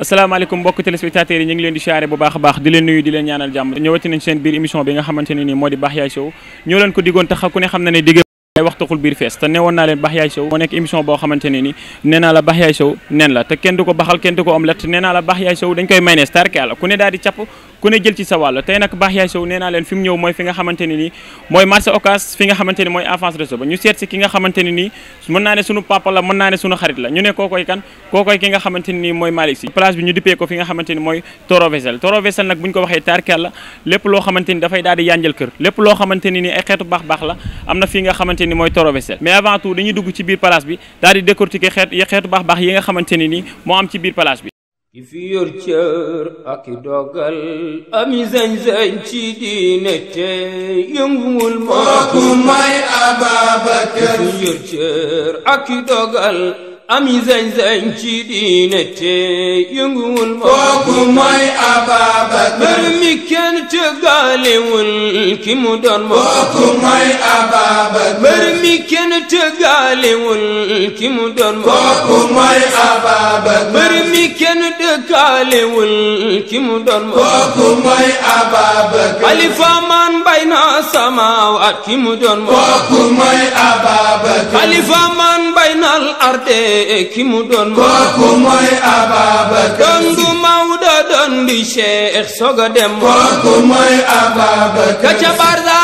asalaamaaleykum bokk téléspectateurs yi ñu ngi leen di siyaare bu baax a baax di leen nuyu di leen ñaanal jàmm ñëwati nañ seen biir émission bi nga xamante ne nii moo di Bakh Yaye Show ñoo leen ko diggoon tax ku ne xam na ne digg ay waxtaxul biir fees te newoon naa leen Bakh Yaye Show moo nekk émission boo xamante ne nii nee naa la Bakh Yaye Show nen la te kenn du ko baxal kenn du ko omelette nee la Bakh Yaye Show dañ koy maynees tarkala ku ne daal ku ne jël ci sa wàll tey nag baax yaay sow nee leen fi ñëw mooy fi nga xamante nii mooy marché Ocass fi nga xamante ni mooy avance si ki bi ñu dippee ko fi nga xamante mooy Toro Vaisselle Toro Vaisselle nag bu ñu ko waxee taarkeel la lépp loo xamante dafay daal di kër lépp loo xamante nii ay xeetu baax baax la am na fi nga xamante mooy Toro Vaisselle mais avant tout dañuy dugg ci biir place bi daal décortiquer xeet xeetu baax ki fi yor cër ak i dogal ami sañ-sañ ci diine te yënguwul moo ku may Ababacar ki fi yor cër ak i dogal ami sañ-sañ ci diine te yënguwul moo ku may Ababacar ca gaalewul ki mu doon moom kooku mooy Ababacar mbër mi kenn ca gaalewul ki mu doon moom kooku mooy Ababacar mbër mi kenn dëkkaalewul ki mu doon moom kooku mooy Ababacar xalifa maan bay na samaawaat ki mu doon moom kooku mooy Ababacar xalifa maan bay na al arde ki mu doon moom kooku mooy Ababacar andi Cheikh soog a dem. kooku mooy Ababacar Sy.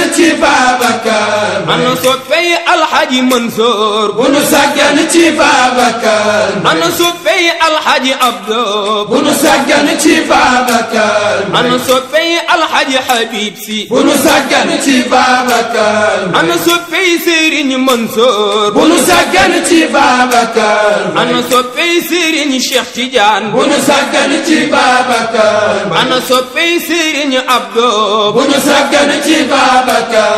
sàggan ci Babacar ana soppey alxaji Mansour bu nu sàggan ci Babacar ana soppey alxaji Abdou bu nu sàggan ci Babacar ana soppey alxaji Habib si bu nu sàggan ci Babacar ana soppey Serigne Mansour bu nu sàggan ci Babacar ana soppey Serigne Cheikh Tidiane bu nu sàggan ci Babacar ana soppey Serigne Abdou bu nu sàggan ci Babacar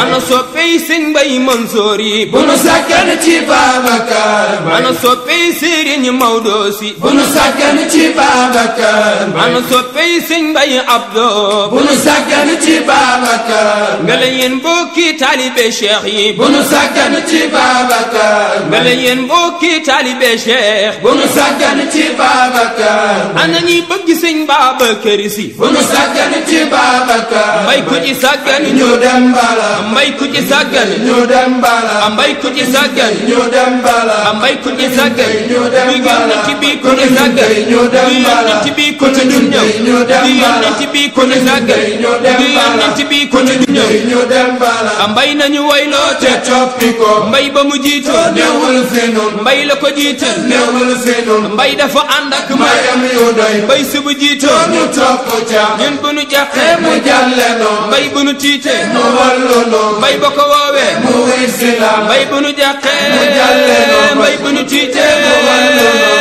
ana soppey sëñ Mbay Mansoor yi bu nu sàggan ci Babacar Mbay ana soppey Sëriñ Mawdo Si bu nu sàggan ci Babacar Mbay ana soppey sëñ Mbay Abdou bu nu sàggan ci Babacar mbele yéen mbokki taalibe Cheikh yi bu nu sàggan ci Babacar mbele yéen mbokki taalibe Cheikh bu nu sàggan ci Babacar ana ñi bëgg sëñ Babacar Si bu nu sàggan ci Babacar mbay ku ci sàggan ñu dem bala bala mbay ku ci sàggan ñu dem bala mbay ku ci sàggan ñu dem bala mbay ku ci sàggan ñu dem bala ci bi ku ci sàggan ñu dem bala ci bi ku ci ñun ñëw ñu dem bala ci bi ku ci sàggan ñu dem bala ci bi ku ne di ñëw ñu dem bala mbay nañu wayloo te coppi ko mbay ba mu jiitoo newul fi nun mbay la ko jiital newul fi nun mbay dafa ànd ak mbayam yu doy mbay si bu jiitoo ñu topp ca ñun bu nu jàqee mu jàlle noo mbay bu nu tiitee mu wallu mbay ba ko woowee mu wiisi la mbay bu nu jàqee mu jàlle noo mbay bu nu tiitee mu wallu noo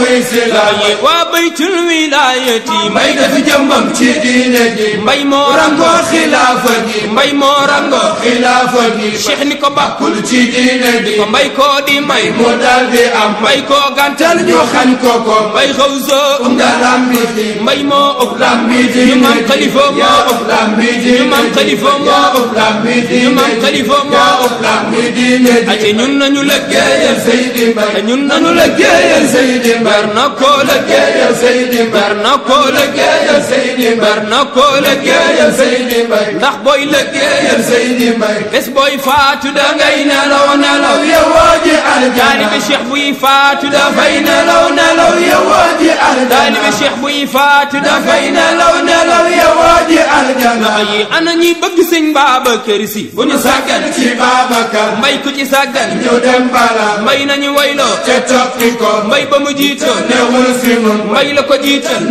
wuy si laal waa baytul wilaayati mbay dafi jëmbam ci diine ji mbay moo rangoo xilaafa gi mbay moo rangoo xilaafa gi cheikh ni ko bàkkul ci diine ji ko mbay koo di may mu daal di am mbay koo gàntal ñu xañ ko ko mbay xaw soo um nga lambi ji mbay moo ëpp lambi ji ñu maam xalifa moo ëpp lambi ji ñu maam xalifa moo ëpp lambi ji ñu maam xalifa moo ëpp lambi diine ji ñun nañu liggéeyal Seydi Mbay ñun nañu liggéeyal Seydi Mbay mbar na ko liggéeyal Seydi Mbar na ko liggéeyal Seydi Mbar na ko liggéeyal Seydi Mbar ndax booy liggéeyal Seydi Mbar bés booy faatu da ngay nelaw nelaw yowoo ji aljana taalibe Cheikh buy faatu dafay nelaw nelaw yowoo ji aljana taalibe Cheikh buy faatu dafay nelaw nelaw yowoo ji aljana yi ana ñi bëgg sëñ Babacar Si bu ñu sàggan ci Babacar mbay ku ci sàggan ñu dem bala mbay nañu wayloo te toppi ko mbay ba mu jiit jiital neexul la ko jiital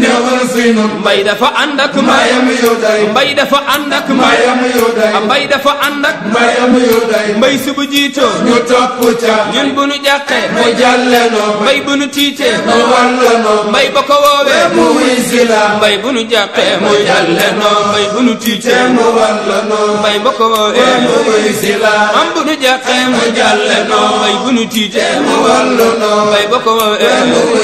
dafa ànd ak mbayam yu day mbay dafa ànd ak mbayam yu day mbay dafa ànd ak mbayam yu bu nu jàqee mu jàlle noo mbay ko woowee mu wuy si mbay bu nu jàqee mu jàlle noo ko woowee mu wuy si la am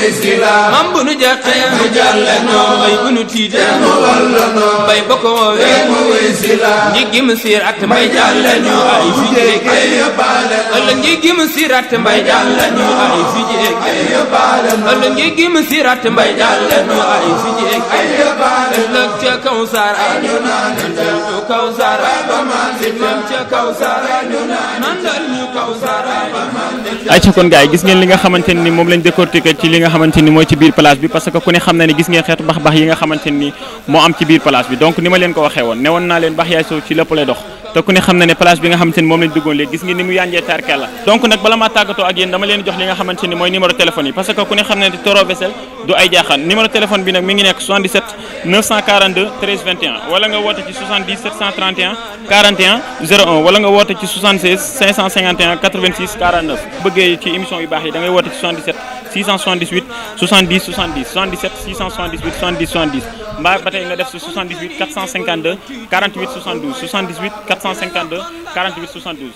iskila mam bu nu jàqee mu jàlle noo bay bu nu tiite mu walla noo bay ba ko woowee mu siir ak may jàlle noo ay sujjee ay yëpp ngi gim sirat mbay jàlle no ay fiji ek ay yóbbaale no ëllëg ngi gim sirat mbay jàlle no ay fiji ek ay yóbbaale no ëllëg ca kaw saar ay ñu naan ndal ñu kaw saar ay ba man di dem ca kaw saar ay ñu naan ndal ñu kaw saar ay ba man ay ci kon gaay gis ngeen li nga xamante ni moom lañ décortiqué ci li nga xamante ni mooy ci biir place bi parce que ku ne xam na ni gis ngeen xeetu bax bax yi nga xamante ni moo am ci biir place bi donc ni ma leen ko waxee woon ne woon naa leen bax yaay sow ci lépp lay dox te ku ne xam na ne plage bi nga xamante ni moom lañ duggoon léegi gis nga ni mu yànjee tarkalla donc nag bala maa tàggatoo ak yéen dama leen jox li nga xamante ni mooy numéro téléphone parce que ku ne xam na ne Toro du ay jaaxaan numéro téléphone bi nag mi ngi nekk 77 942 13 21 wala nga woote ci 70 731 41 01 nga woote ci 76 551 86 49 bëggee ci émission yu baax yi da woote ci 77 678 70 70 77 678 70 70 mbaa ba tey nga def si 78 452 48 72 78 452 48 72